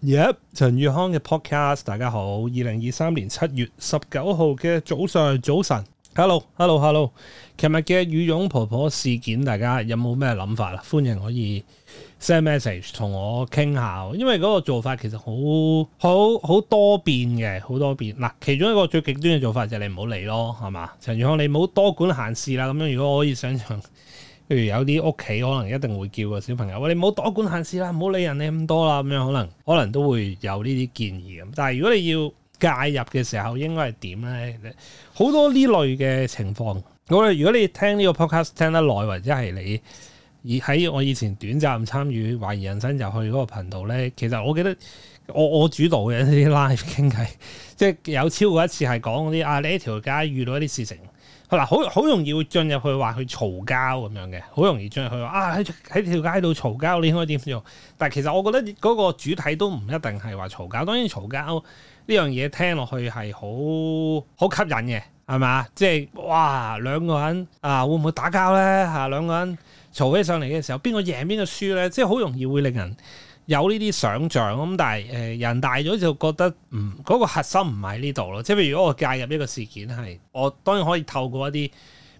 Yep，陳宇康嘅 podcast，大家好，二零二三年七月十九號嘅早上早晨，hello hello hello，琴日嘅羽絨婆婆事件，大家有冇咩諗法啦？歡迎可以 send message 同我傾下，因為嗰個做法其實好好好多變嘅，好多變。嗱，其中一個最極端嘅做法就係你唔好嚟咯，係嘛？陳宇康，你唔好多管閒事啦。咁樣如果我可以想象。譬如有啲屋企可能一定會叫個小朋友，喂，你唔好多管閒事啦，唔好理人你咁多啦，咁樣可能可能都會有呢啲建議咁。但係如果你要介入嘅時候，應該係點咧？好多呢類嘅情況，我哋如果你聽呢個 podcast 聽得耐，或者係你喺我以前短暫參與懷疑人生入去嗰個頻道咧，其實我記得我我主導嘅呢啲 live 傾偈，即係有超過一次係講嗰啲啊，你呢條街遇到一啲事情。係好好容易會進入去話去嘈交咁樣嘅，好容易進入去話啊喺喺條街度嘈交，你應該點做？但係其實我覺得嗰個主體都唔一定係話嘈交，當然嘈交呢樣嘢聽落去係好好吸引嘅，係咪？即係，哇，兩個人啊會唔會打交呢？嚇、啊，兩個人嘈起上嚟嘅時候，邊個贏邊個輸呢？即係好容易會令人，有呢啲想像咁，但係誒人大咗就覺得唔嗰、嗯嗰個核心唔喺呢度咯。即係譬如，如果我介入呢個事件係，我當然可以透過一啲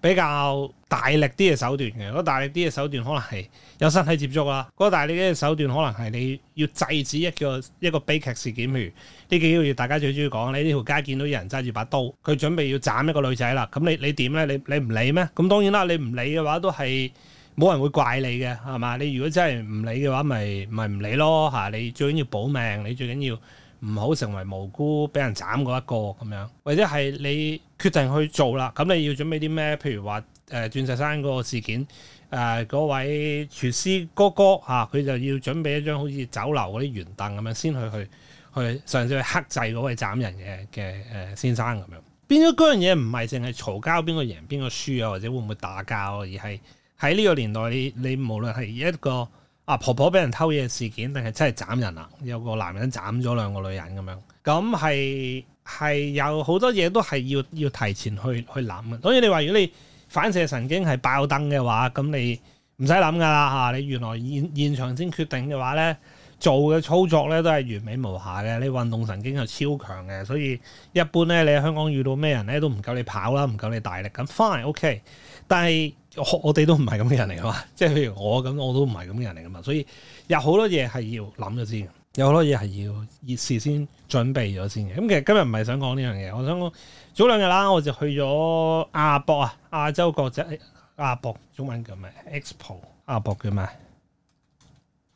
比較大力啲嘅手段嘅。嗰、嗰個、大力啲嘅手段可能係有身體接觸啦。嗰、嗰個、大力啲嘅手段可能係你要制止一個一個悲劇事件。譬如呢幾個月大家最中意講你呢條街見到有人揸住把刀，佢準備要斬一個女仔啦。咁你你點咧？你你唔理咩？咁當然啦，你唔理嘅話都係。冇人會怪你嘅，係嘛？你如果真係唔理嘅話，咪咪唔理咯吓。你最緊要保命，你最緊要唔好成為無辜，俾人斬嗰一個咁樣，或者係你決定去做啦。咁你要準備啲咩？譬如話誒鑽石山嗰個事件，誒、呃、嗰位廚師哥哥吓，佢、啊、就要準備一張好似酒樓嗰啲圓凳咁樣，先去去去嘗試去克制嗰位斬人嘅嘅誒先生咁樣。變咗嗰樣嘢唔係淨係嘈交，邊個贏邊個輸啊？或者會唔會打交？而係。喺呢個年代，你你無論係一個啊婆婆俾人偷嘢事件，定係真係斬人啦，有個男人斬咗兩個女人咁樣，咁係係有好多嘢都係要要提前去去諗嘅。所以你話，如果你反射神經係爆燈嘅話，咁你唔使諗噶啦嚇。你原來現現場先決定嘅話咧，做嘅操作咧都係完美無瑕嘅。你運動神經係超強嘅，所以一般咧，你喺香港遇到咩人咧都唔夠你跑啦，唔夠你大力咁 fine ok，但係。我我哋都唔係咁嘅人嚟噶嘛，即係譬如我咁，我都唔係咁嘅人嚟噶嘛，所以有好多嘢係要諗咗先，有好多嘢係要事先準備咗先嘅。咁其實今日唔係想講呢樣嘢，我想講早兩日啦，我就去咗亞博啊，亞洲國際亞博中文叫咩？Expo 亞博叫咩？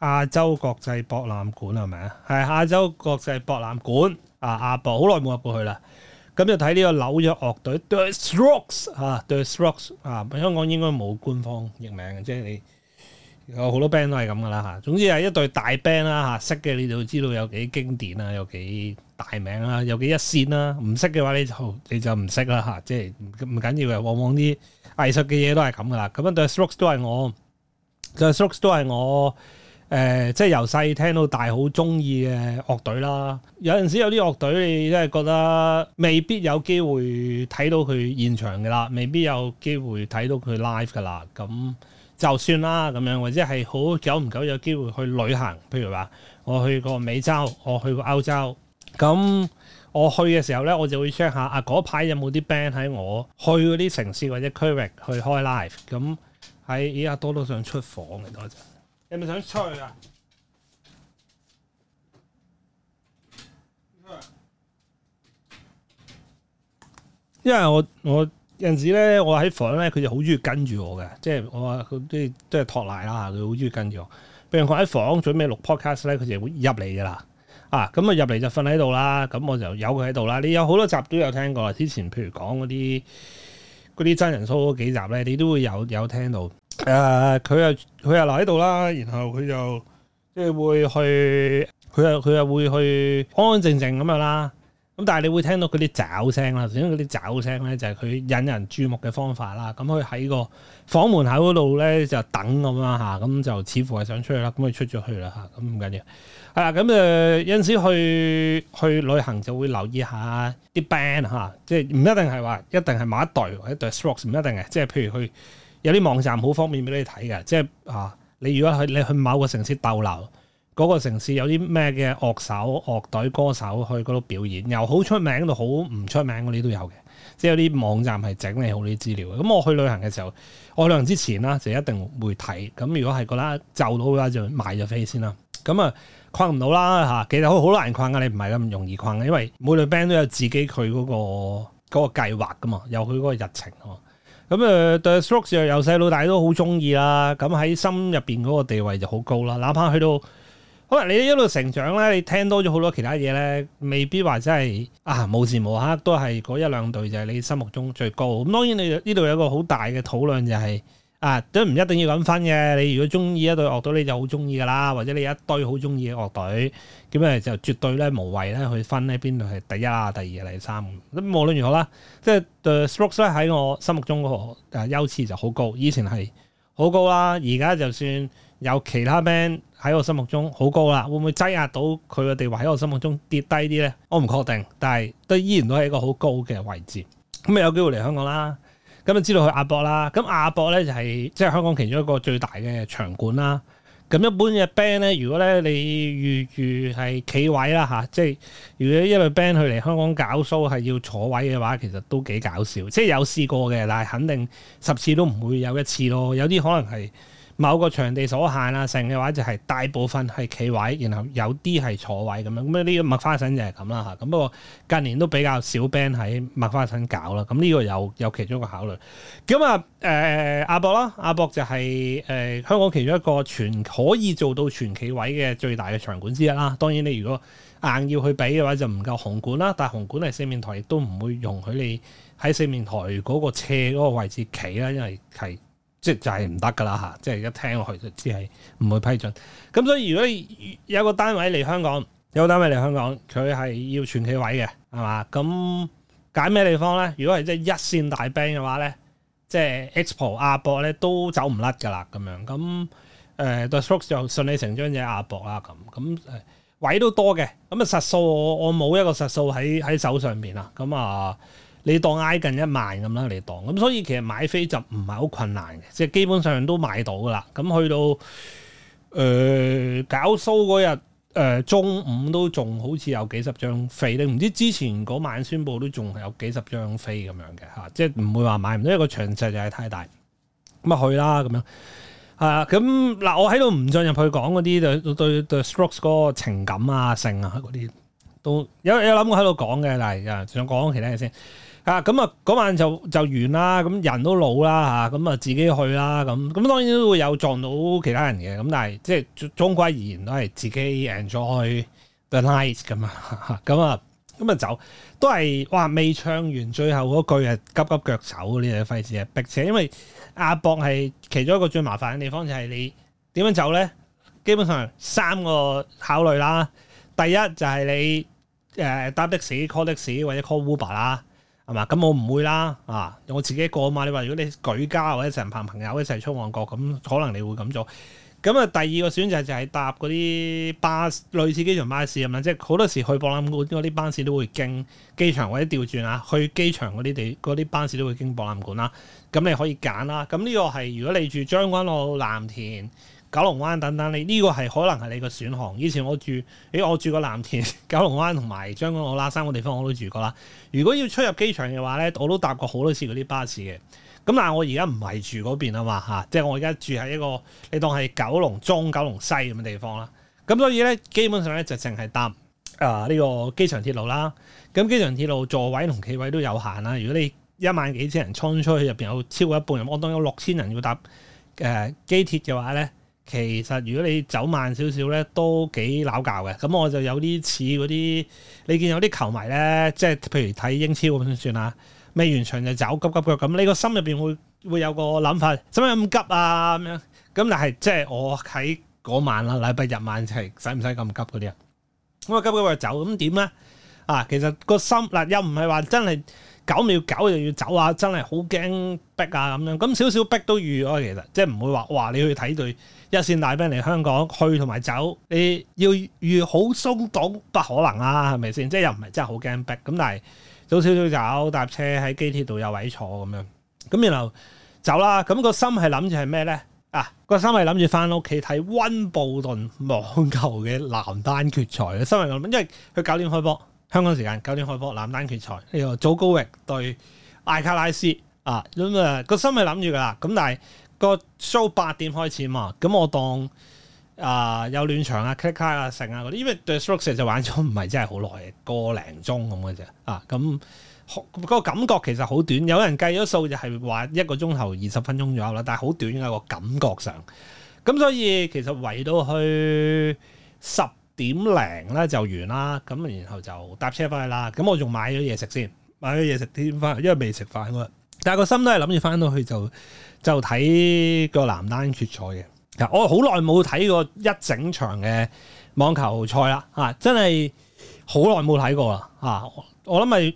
亞洲國際博覽館係咪啊？係亞洲國際博覽館啊，亞博好耐冇入過去啦。咁就睇呢個紐約樂隊 The Strokes 嚇 The Strokes 啊，香港應該冇官方譯名嘅，即係你有好多 band 都係咁噶啦嚇。總之係一隊大 band 啦嚇，啊、識嘅你就知道有幾經典啊，有幾大名啊，有幾一線啦。唔識嘅話你就你就唔識啦嚇、啊，即係唔唔緊要嘅。往往啲藝術嘅嘢都係咁噶啦。咁啊 The Strokes 都係我 The Strokes 都係我。誒、呃，即係由細聽到大，好中意嘅樂隊啦。有陣時有啲樂隊，你真係覺得未必有機會睇到佢現場㗎啦，未必有機會睇到佢 live 㗎啦。咁就算啦，咁樣或者係好久唔久有機會去旅行。譬如話，我去過美洲，我去過歐洲。咁我去嘅時候呢，我就會 check 下啊，嗰排有冇啲 band 喺我去嗰啲城市或者區域去開 live。咁喺依家多多想出訪。嘅多謝。你咪想出去啊？因為我我有陣時咧，我喺房咧，佢就好中意跟住我嘅，即係我話佢即即係託賴啦。佢好中意跟住我。譬如佢喺房準備錄 podcast 咧，佢就會入嚟噶啦。啊，咁啊入嚟就瞓喺度啦。咁我就有佢喺度啦。你有好多集都有聽過，之前譬如講嗰啲嗰啲真人 show 嗰幾集咧，你都會有有聽到。誒佢又佢又留喺度啦，然後佢就即係、就是、會去，佢又佢又會去安安靜靜咁樣啦。咁但係你會聽到佢啲抓聲啦，因為嗰啲抓聲咧就係佢引人注目嘅方法啦。咁佢喺個房門口嗰度咧就等咁啦嚇，咁就似乎係想出去啦，咁佢出咗去啦嚇，咁唔緊要。係、啊、啦，咁誒有陣時去去旅行就會留意下啲 band 嚇，即係唔一定係話一定係某一隊或者對 Strokes 唔一定嘅，即係譬如去。有啲網站好方便俾你睇嘅，即係啊！你如果去你去某個城市逗留，嗰個城市有啲咩嘅樂手、樂隊、歌手去嗰度表演，又好出名到好唔出名嗰啲都有嘅。即係有啲網站係整理好啲資料。咁我去旅行嘅時候，我去旅行之前啦就一定會睇。咁如果係覺得就到啦，就買咗飛先啦。咁啊，框唔到啦嚇。其實好難框噶，你唔係咁容易框嘅，因為每隊 band 都有自己佢嗰個嗰個計劃噶嘛，有佢嗰個日程咁誒 Strokes 又由細到大都好中意啦，咁喺心入面嗰個地位就好高啦。哪怕去到可能你一路成長咧，你聽多咗好多其他嘢咧，未必話真係啊無時無刻都係嗰一兩隊就係你心目中最高。咁當然你呢度有一個好大嘅討論就係。啊，都唔一定要咁分嘅。你如果中意一隊樂隊，你就好中意噶啦。或者你一堆好中意嘅樂隊，咁咪就絕對咧無謂咧去分呢邊度係第一啊、第二啊、第三咁。咁無論如何啦，即係 The Strokes 喺我心目中嗰個優次就好高。以前係好高啦，而家就算有其他 band 喺我心目中好高啦，會唔會擠壓到佢嘅地位喺我心目中跌低啲咧？我唔確定，但係都依然都係一個好高嘅位置。咁啊有機會嚟香港啦。咁就知道去亞博啦，咁亞博咧就係即係香港其中一個最大嘅場館啦。咁一般嘅 band 咧，如果咧你預預係企位啦嚇，即係如果一隊 band 去嚟香港搞 show 係要坐位嘅話，其實都幾搞笑。即係有試過嘅，但係肯定十次都唔會有一次咯。有啲可能係。某個場地所限啦，成嘅話就係、是、大部分係企位，然後有啲係坐位咁、這個、樣。咁呢個麥花臣就係咁啦嚇。咁不過近年都比較少 band 喺麥花臣搞啦。咁、這、呢個有有其中一個考慮。咁啊誒阿博啦，阿博就係、是、誒、呃、香港其中一個全可以做到全企位嘅最大嘅場館之一啦。當然你如果硬要去比嘅話，就唔夠紅館啦。但紅館係四面台，亦都唔會容許你喺四面台嗰個斜嗰個位置企啦，因為係。即就係唔得噶啦嚇，即係一聽落去就知係唔會批准。咁所以如果有一個單位嚟香港，有個單位嚟香港，佢係要全企位嘅，係嘛？咁揀咩地方咧？如果係即係一線大 band 嘅話咧，即係 Expo 亞博咧都走唔甩噶啦咁樣。咁誒、呃、The Stocks Th 就順理成章就亞博啦咁。咁位都多嘅，咁啊實數我冇一個實數喺喺手上面啊。咁啊。呃你當挨近一萬咁啦，你當咁，所以其實買飛就唔係好困難嘅，即係基本上都買到噶啦。咁去到誒搞 show 嗰日誒中午都仲好似有幾十張飛，你唔知之前嗰晚宣佈都仲係有幾十張飛咁樣嘅嚇，即係唔會話買唔到，一個個長勢就係太大咁啊，去啦咁樣係啦。咁嗱，我喺度唔進入去講嗰啲對 Strokes 嗰個情感啊性啊嗰啲，都有有諗喺度講嘅，但係想講其他嘢先。啊，咁啊，嗰晚就就完啦，咁人都老啦吓，咁啊自己去啦，咁、啊、咁當然都會有撞到其他人嘅，咁但係即係總歸而言都係自己 enjoy the night 咁啊，咁啊，咁啊走，都係哇，未唱完最後嗰句係急急腳走呢啲，費事啊逼車。因為阿博係其中一個最麻煩嘅地方，就係你點樣走咧？基本上三個考慮啦，第一就係你誒搭的士、call 的士或者 call Uber 啦。係嘛？咁我唔會啦，啊！我自己一個嘛。你話如果你舉家或者成班朋友一齊出旺角，咁可能你會咁做。咁啊，第二個選擇就係搭嗰啲巴士，類似機場巴士咁樣，即係好多時去博覽館嗰啲巴士都會經機場或者調轉啊。去機場嗰啲地嗰啲巴士都會經博覽館啦。咁你可以揀啦。咁呢個係如果你住將軍澳藍田。九龍灣等等，你呢個係可能係你個選項。以前我住，誒、哎，我住個藍田、九龍灣同埋將軍澳啦，三個地方我都住過啦。如果要出入機場嘅話咧，我都搭過好多次嗰啲巴士嘅。咁但係我而家唔係住嗰邊啊嘛，吓，即係我而家住喺一個你當係九龍中、九龍西咁嘅地方啦。咁所以咧，基本上咧就淨係搭啊呢個機場鐵路啦。咁機場鐵路座位同企位都有限啦。如果你一萬幾千人沖出去，入邊有超過一半人，我當有六千人要搭誒機鐵嘅話咧。其實如果你走慢少少咧，都幾撈教嘅。咁我就有啲似嗰啲你見有啲球迷咧，即係譬如睇英超咁點算啊？未完場就走急急腳咁，你個心入邊會會有個諗法，使唔使咁急啊？咁樣咁，但係即係我喺嗰晚啦，禮拜日晚係使唔使咁急嗰啲啊？咁啊急急腳走咁點咧啊？其實個心嗱又唔係話真係。九秒九就要走啊！真係好驚逼啊咁樣，咁少少逼都預咗。其實即係唔會話你去睇隊一線大兵嚟香港去同埋走，你要預好鬆動不可能啊，係咪先？即係又唔係真係好驚逼咁，但係早少少走搭車喺機鐵度有位坐咁樣，咁然後走啦。啊。咁個心係諗住係咩咧？啊，個心係諗住翻屋企睇溫布頓網球嘅男單決賽嘅心諗，因為佢九點開波。香港時間九點開波，男單決賽呢個祖高域對艾卡拉斯啊，咁，啊個心係諗住噶啦咁，但係個 show 八點開始嘛，咁我當啊有暖場啊 click 卡啊成啊嗰啲，因為對 srocks 就玩咗唔係真係好耐，個零鐘咁嘅啫，啊，咁、啊啊個感覺其實好短，有人計咗數就係話一個鐘頭二十分鐘左右啦，但係好短嘅個感覺上，咁所以其實圍到去十點零咧就完啦，咁然後就搭車翻去啦。咁我仲買咗嘢食先，買咗嘢食添翻，因為未食飯。但係個心都係諗住翻到去就就睇個男單決賽嘅。我好耐冇睇過一整場嘅網球賽啦，啊，真係好耐冇睇過啦，啊。我諗係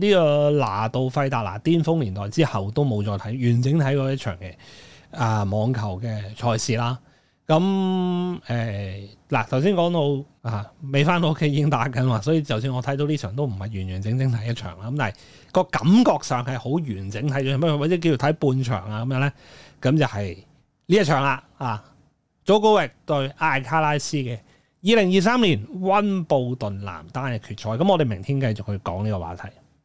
誒呢個拿度費達拿，巔峰年代之後都冇再睇完整睇過一場嘅啊網球嘅賽事啦。咁誒，嗱、嗯，頭先講到啊，未翻到屋企已經打緊話，所以就算我睇到呢場都唔係完完整整睇一場啦。咁但係個感覺上係好完整睇咗，或者叫做睇半場啊，咁樣咧，咁就係呢一場啦。啊，祖高域對艾卡拉斯嘅二零二三年溫布頓男單嘅決賽。咁我哋明天繼續去講呢個話題。